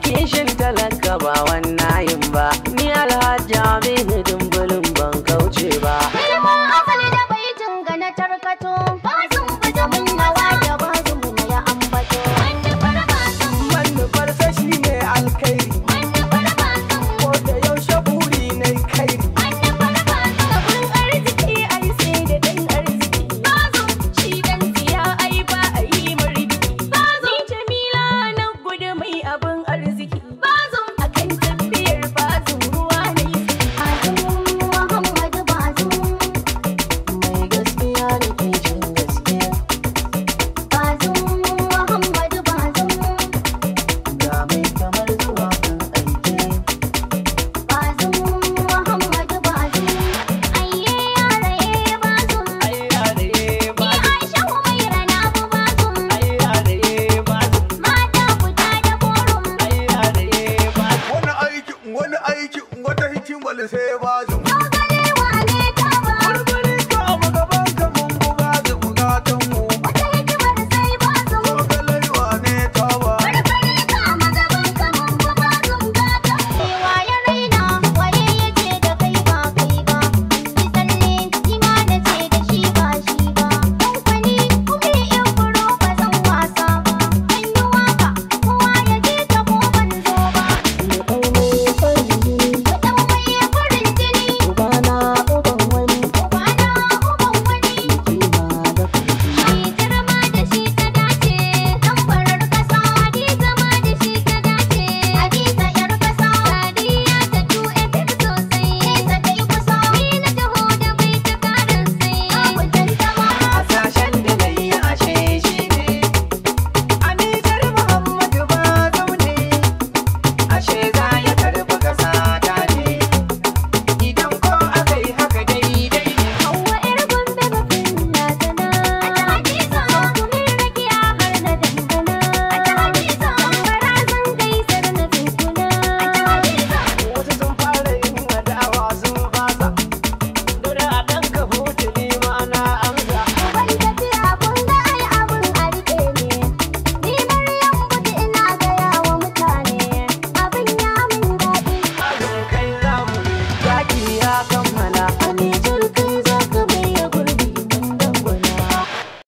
kishin talaka ba wannan ba ಸೇವಾ